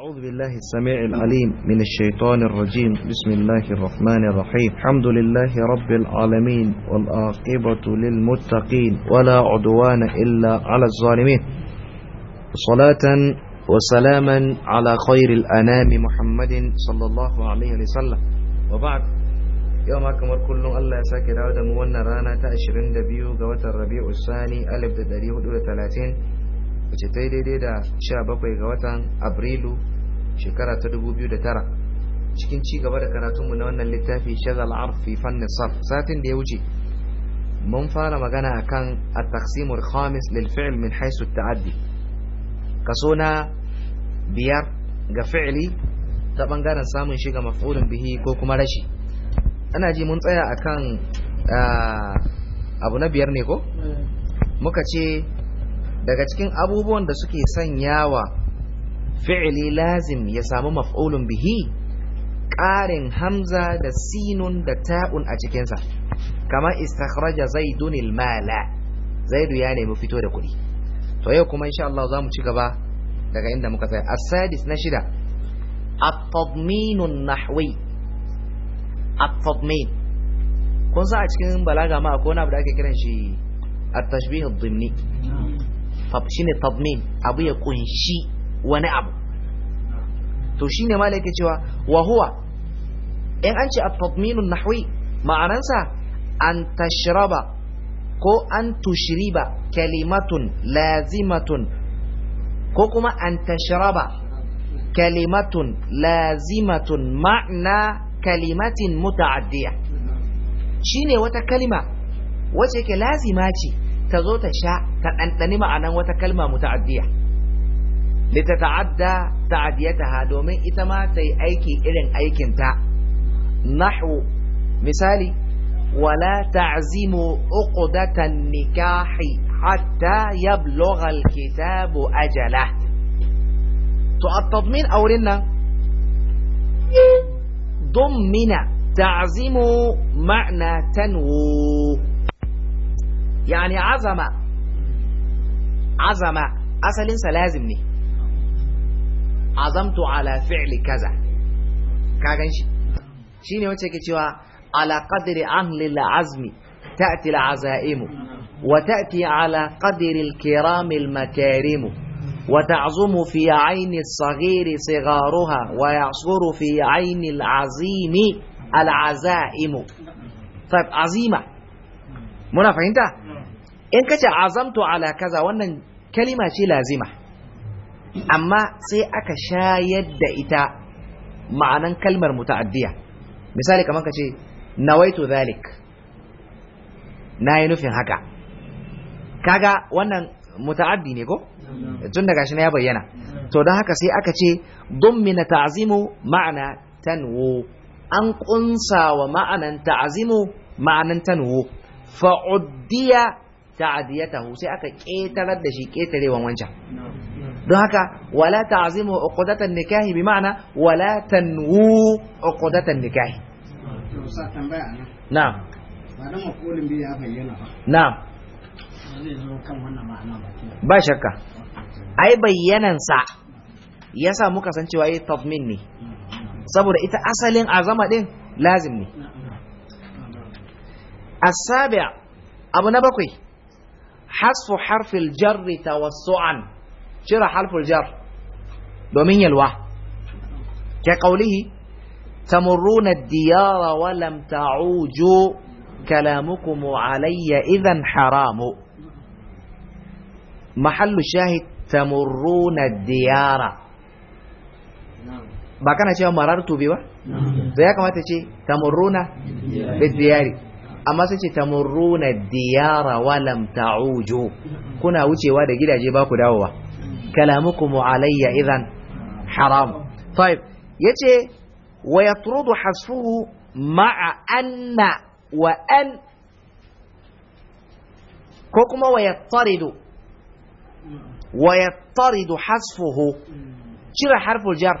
أعوذ بالله السميع العليم من الشيطان الرجيم بسم الله الرحمن الرحيم الحمد لله رب العالمين والآقبة للمتقين ولا عدوان إلا على الظالمين صلاة وسلاما على خير الأنام محمد صلى الله عليه وسلم وبعد يوم أكمل كل الله يساك داود مونا رانا تأشرين دبيو قوة الربيع الثاني ألف دليه دولة ثلاثين wace ta yi daidai da 17 ga watan abrilu shekara ta 2009 cikin ci gaba da karatun mu na wannan littafi shagal arfi fannin sarf satin da ya wuce mun fara magana kan a taqsimul khamis lil fi'l min haisu ta'addi kaso na biyar ga fi'li ta bangaren samun shi ga maf'ulun bihi ko kuma rashi ana ji mun tsaya akan ah, abu na biyar ne ko eh. muka ce daga cikin abubuwan da suke sanyawa fi'ili lazim ya samu maf'ulun bihi ƙarin hamza da sinun da ta'un a cikinsa kamar istakhraja zaidun mala zaidu ya nemi fito da kuɗi to yau kuma insha Allah za mu ci gaba daga inda muka tsaya as-sadis na shida at-tadminun nahwi at-tadmin kun sa a cikin balaga ma akwai wani abu da ake kiran shi at-tashbih ad-dhimni shine tadmin abu ya kunshi wani abu to shine ma yake cewa wahuwa in an ce at-tadminun nahwi ma'anansa an tashraba ko an kalimatun lazimatun ko kuma an kalimatun lazimatun ma'na kalimatin muta'addiya shine wata kalima wace ke lazima ce ta zo ta sha ta ɗanɗani ma'anan wata kalma muta'addiya litata'adda ta'adiyataha domin ita ma ta yi aiki irin aikinta nahu misali wala ta'zimu uqdatan nikahi hatta yablugha alkitabu ajala to at-tadmin aurin nan ضمن تعزم معنى تنوو يعني عظمة عظمة أصل إنسى لازم نه عظمت على فعل كذا كذا شي شيني وانت كتوا على قدر عمل العزم تأتي العزائم وتأتي على قدر الكرام المكارم وتعظم في عين الصغير صغارها ويعصر في عين العظيم العزائم طيب عظيمة منا فهمت in kace azamtu ala kaza wannan kalima ce lazima amma sai aka shayar da ita ma'anan kalmar muta'addiya misali kamar kace nawaitu zalik nayi nufin haka kaga wannan muta'addi ne ko tun daga shi na ya bayyana to don haka sai aka ce dummina ta'zimu ma'ana tanwo an kunsa wa ma'anan ta'zimu ma'anan tanwo fa'uddiya ta'adiyatahu sai aka ketarar da shi ketarewan wancan don haka wala ta'zimu uqdatan nikahi bi ma'ana wala tanwu uqdatan nikahi na'am ba makulin bi ya bayyana ba na'am ba shakka ai bayyanan sa yasa muka san cewa yayi eh, tadmin ne saboda ita asalin azama din lazim ne السابع abu na bakwai حذف حرف الجر توسعا شرح حرف الجر دومين الواحد كقوله تمرون الديار ولم تعوجوا كلامكم علي إذا حرام محل الشاهد تمرون الديار بقى أنا cewa مررت biwa to ya kamata تمرون بالديار amma sun ce ta tamurruna diyara wa lam ta'uju kuna wucewa da gidaje ba ku dawowa kalamukum alayya idan haram طيب yace wa yatrudu hasfuhu ma'a anna wa an ko kuma wa yattaridu wa yattaridu hasfuhu cire harful jar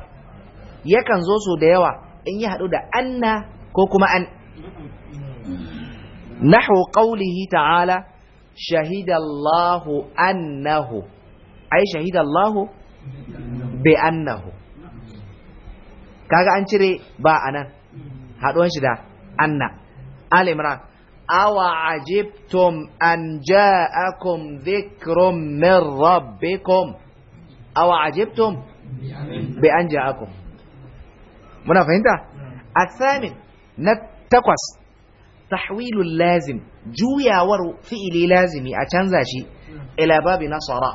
yakan zo so da yawa in ya hadu da anna ko kuma an نحو قوله تعالى شهد الله أنه أي شهد الله بأنه كاغا أنشري با أنا هادوان أنشدا أن آل عمران أو عجبتم أن جاءكم ذكر من ربكم أو عجبتم بأن جاءكم منا فهمت الثامن نتقص tahwilul lazim juyawar fi'ili lazimi a canza shi ila babin nasara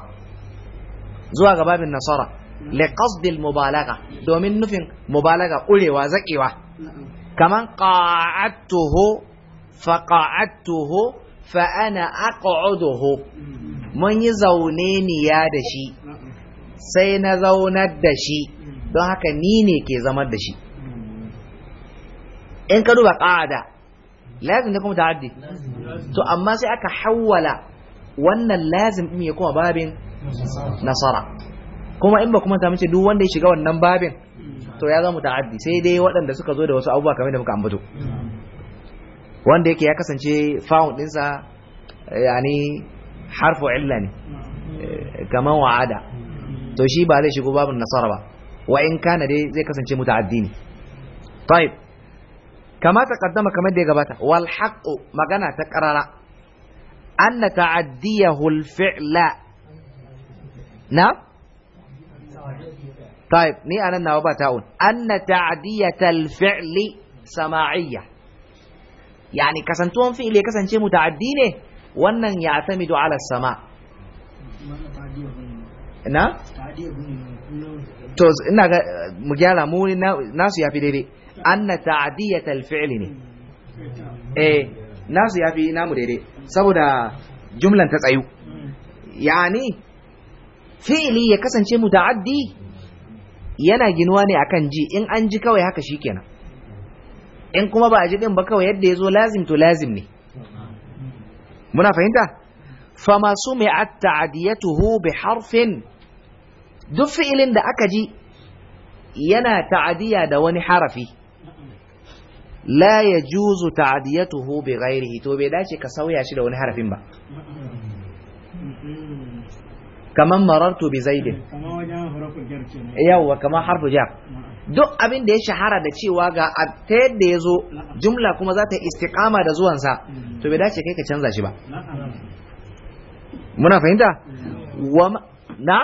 zuwa ga babin nasara li qasdil domin nufin mubalaga ƙurewa zaƙewa kaman qa'attuhu fa qa'attuhu fa ana aq'uduhu mun yi zaune niya da shi sai na zaunar da shi don haka ni ne ke zamar da shi in ka duba ƙa'ada lazim ne kuma ta'addi to amma sai aka hawwala wannan lazim din ya kuma babin nasara kuma in ba kuma ta mace duk wanda ya shiga wannan babin to ya zama ta'addi sai dai waɗanda suka zo da wasu abubuwa kamar da muka ambato wanda yake ya kasance fa'un ɗinsa eh, yani harfu illa ne eh, kaman wa'ada to shi ba zai shigo babin nasara ba wa in kana dai zai kasance muta'addi ne طيب kama taqaddama kamar da ya gabata wal magana ta qarara anna ta'addiyahu al fi'la na طيب ني انا نوابا تاون ان تعديه الفعل سماعيه يعني كسنتون فعل ne wannan ya tamidu ala sama yafi daidai anna ta'diyat al ne eh nasu yafi namu daidai saboda jumlan ta tsayu yani fi'li ya kasance mu muta'addi yana ginuwa ne akan ji in an ji kawai haka shikenan in kuma ba a ji din ba kawai yadda yazo lazim to lazim ne muna fahimta fama sumi'at ta'diyatuhu bi harfin duk fi'ilin da aka ji yana ta'adiya da wani harafi la ya juzu ta'adiyatuhu bi ghairihi to bai dace ka sauya shi da wani harafin ba kaman marartu bi zaidin yawwa kaman harfu jar duk abin da ya shahara da cewa ga ta yadda ya zo jumla kuma za ta istiqama da zuwansa mm. to bai dace kai ka canza shi ba muna fahimta mm. na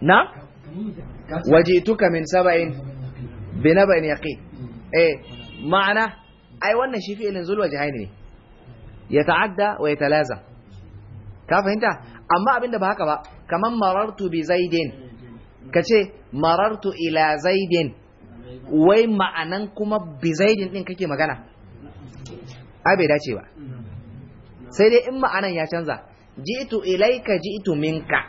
na waje tuka min saba'in bi na yaƙi. Mm. eh ma'ana ai wannan shi fi'ilin zulwa jahaini ne ya ta'adda wa ya talaza ka fahimta amma abinda ba haka ba kaman marartu bi zaidin kace marartu ila zaidin wai ma'anan kuma bi zaidin din kake magana ai bai dace ba sai dai in ma'anan ya canza ji'tu ilaika ji'tu minka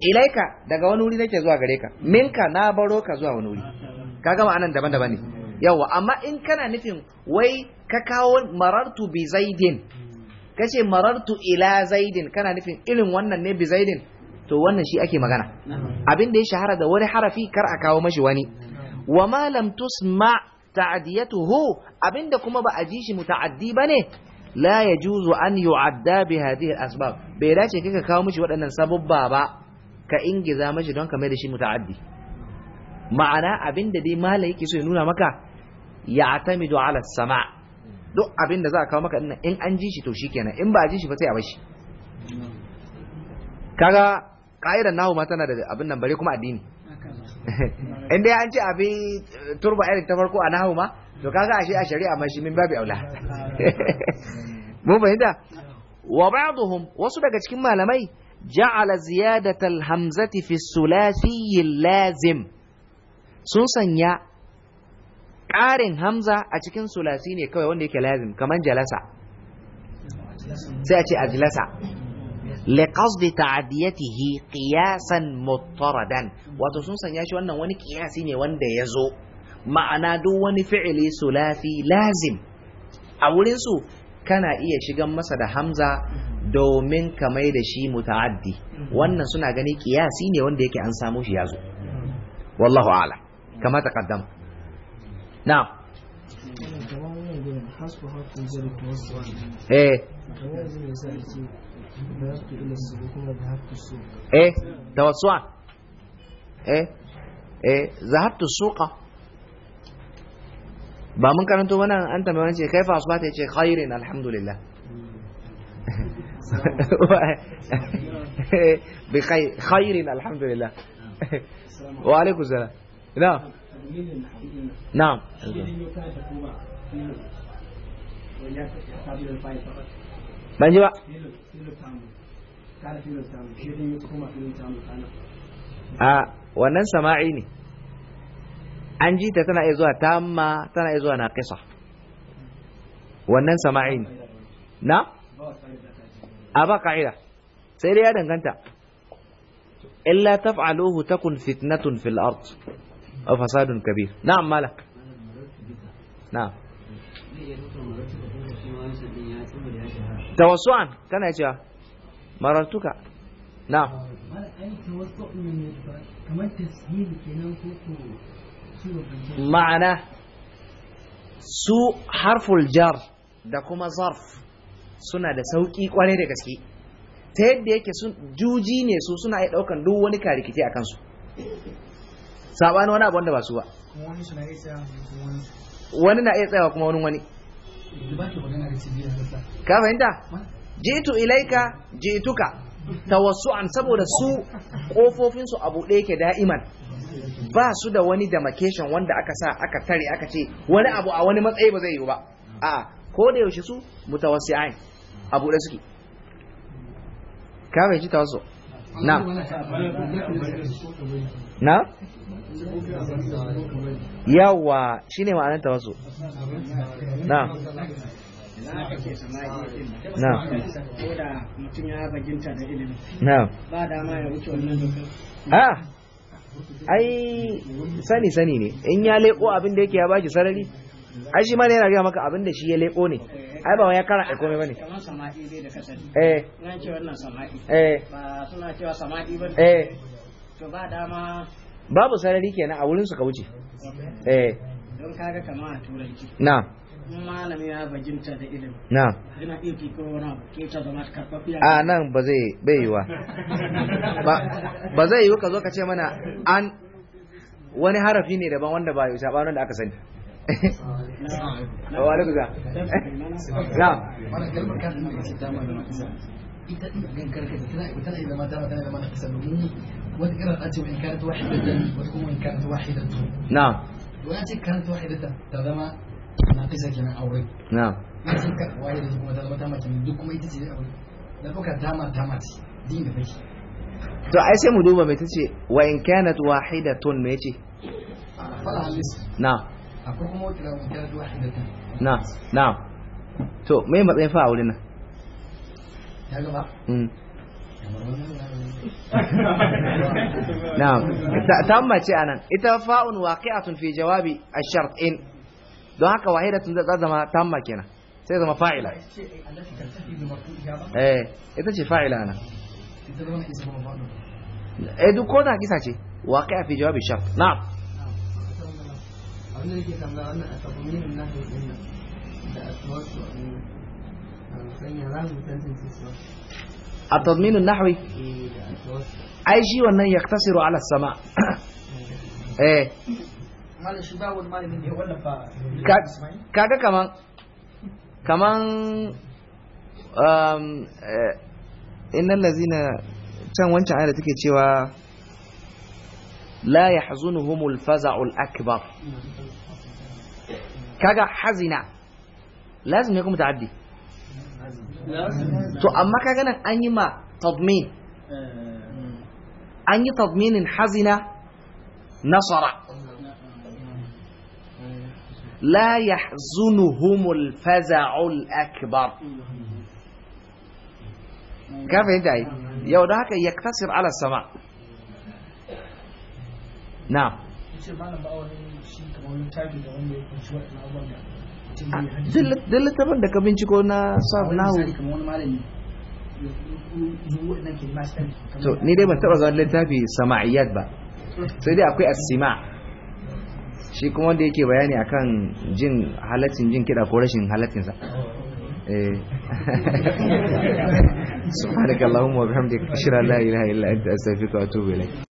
ilaika daga wani wuri nake zuwa gare ka minka na baro ka zuwa wani wuri kaga ma'anan daban-daban ne yawa amma in kana nufin wai ka kawo marartu bi zaidin kace marartu ila zaidin kana nufin irin wannan ne bi zaidin to wannan shi ake magana abin da ya shahara da wani harafi kar a kawo mashi wani wa ma lam tusma ta'diyatuhu abinda kuma ba a ji shi muta'addi bane la yajuzu an yu'adda bi hadhihi al-asbab bai dace kika kawo mashi waɗannan sababba ba ka ingiza mashi don ka mai da shi muta'addi ma'ana abinda dai malai yake so ya nuna maka ya'tamidu ala sama duk abin da za a kawo maka dinnan in an ji shi to shikenan in ba a ji shi ba sai a bashi kaga ka'idar nahu ma tana da abin nan bare kuma addini in dai an ce abi turba irin ta farko a nahu ma to kaga ashe a shari'a ma shi min babu aula Mu fahimta wa ba'dhum wasu daga cikin malamai ja'ala ziyadatal hamzati fi sulasiyyil lazim sun sanya ƙarin hamza a cikin sulasi ne kawai wanda yake lazim kamar jalasa sai a ce da ta'adiyyati hi qiyasan muttaradan wato sun sanya shi wannan wani qiyasi ne wanda ya zo ma'ana duk wani fi'ili sulasi lazim a wurinsu kana iya shigan masa da hamza domin ka mai da shi muta'addi wannan suna gani qiyasi ne wanda yake an samu shi ya zo wallahu a'lam kama taqaddama نعم ايه ايه توسعا ايه ايه ذهبت السوق بقى ممكن كانت وانا انت ما انت كيف اصبحت شيء خير الحمد لله بخير خير الحمد لله نعم. وعليكم السلام نعم نعم ban ji ba a wannan sama'i ne an ji ta tana iya tana iya na kisa wannan sama'i ne na a ba ka'ida sai dai ya danganta illa taf'aluhu takun fitnatun fil ard فساد fasadun نعم مالك نعم توسعا كان يا cewa marartuka نعم ma'ana su harful jar da kuma zarf suna da sauƙi kwarai da gaske ta yadda yake sun juji ne su suna iya ɗaukan duk wani karikiti a kansu sabanin wani abu wanda ba su ba wani na iya tsayawa kuma wani wani ka fahimta jitu ilaika jituka tawassu'an saboda su kofofin su abu ɗaya ke da'iman ba su da wani demarcation wanda aka sa aka tare aka ce wani abu a wani matsayi ba zai yi ba a ko da yaushe su mutawassi'ain abu ɗaya suke ka fahimci tawassu na na yawa shine ma'anar tawassul na na na ha, ai sani sani ne in ya leko abin da yake ya baki sarari ai shi ma ne yana gaya maka abin da shi ya leko ne ai ba ya kara komai bane kamar samadi dai da kasar eh nan ce wannan samadi eh ba suna cewa samadi ba eh to ba dama babu sarari kenan a wurin su ka wuce eh don kaga kama a turanci na malami ya bajinta da ilimi na ina iya fiko wani ke ta zama karfafiya a nan ba zai bai yiwa ba zai yiwu ka zo ka ce mana an wani harafi ne daban wanda ba yau sabanin da aka sani wa alaikum salam na'am wannan kalmar kafin da ke dama da nafisa ita ina ganin karkata tana tana zama dama tana zama nafisa domin wata irin ace in karanta wahidatan wata kuma in karanta wahidatan na'am wani ace karanta wahidatan ta zama nafisa kenan aure na'am na ce karanta wahidatan kuma ta zama dama kenan duk kuma ita ce aure na fuka dama dama ce din da fake to ai sai mu duba mai tace akwai kuma wata guda zuwa hidatan na na to me matsayin fa a wurin nan ya gaba na'am tamma ce nan. ita fa'un waqi'atun fi jawabi a shart in don haka wahidatun zai zama tamma kenan sai zama fa'ila eh, eh ita ce fa'ila nan eh duk ko da kisa ce waqi'a fi jawabi shart na'am التضمين النحوي أي شيء وأن يقتصر على السماء إيه كذا كمان كمان um, eh, innal lazina can wancan ayar da لا يحزنهم الفزع الأكبر كجا حزنا لازم يكون متعدي تو أما كجا أني ما تضمين أني تضمين حزنا نصر لا يحزنهم الفزع الأكبر كيف يدعي يودعك يكتسر على السماء na duk littafin da ka binciko na na hu to ni dai ban taba zuwa littafi sama'iyat ba sai dai akwai asima shi kuma wanda yake bayani akan jin halaccin jin kiɗa ko rashin halaccinsa سبحانك اللهم وبحمدك اشهد ان لا اله الا انت استغفرك واتوب اليك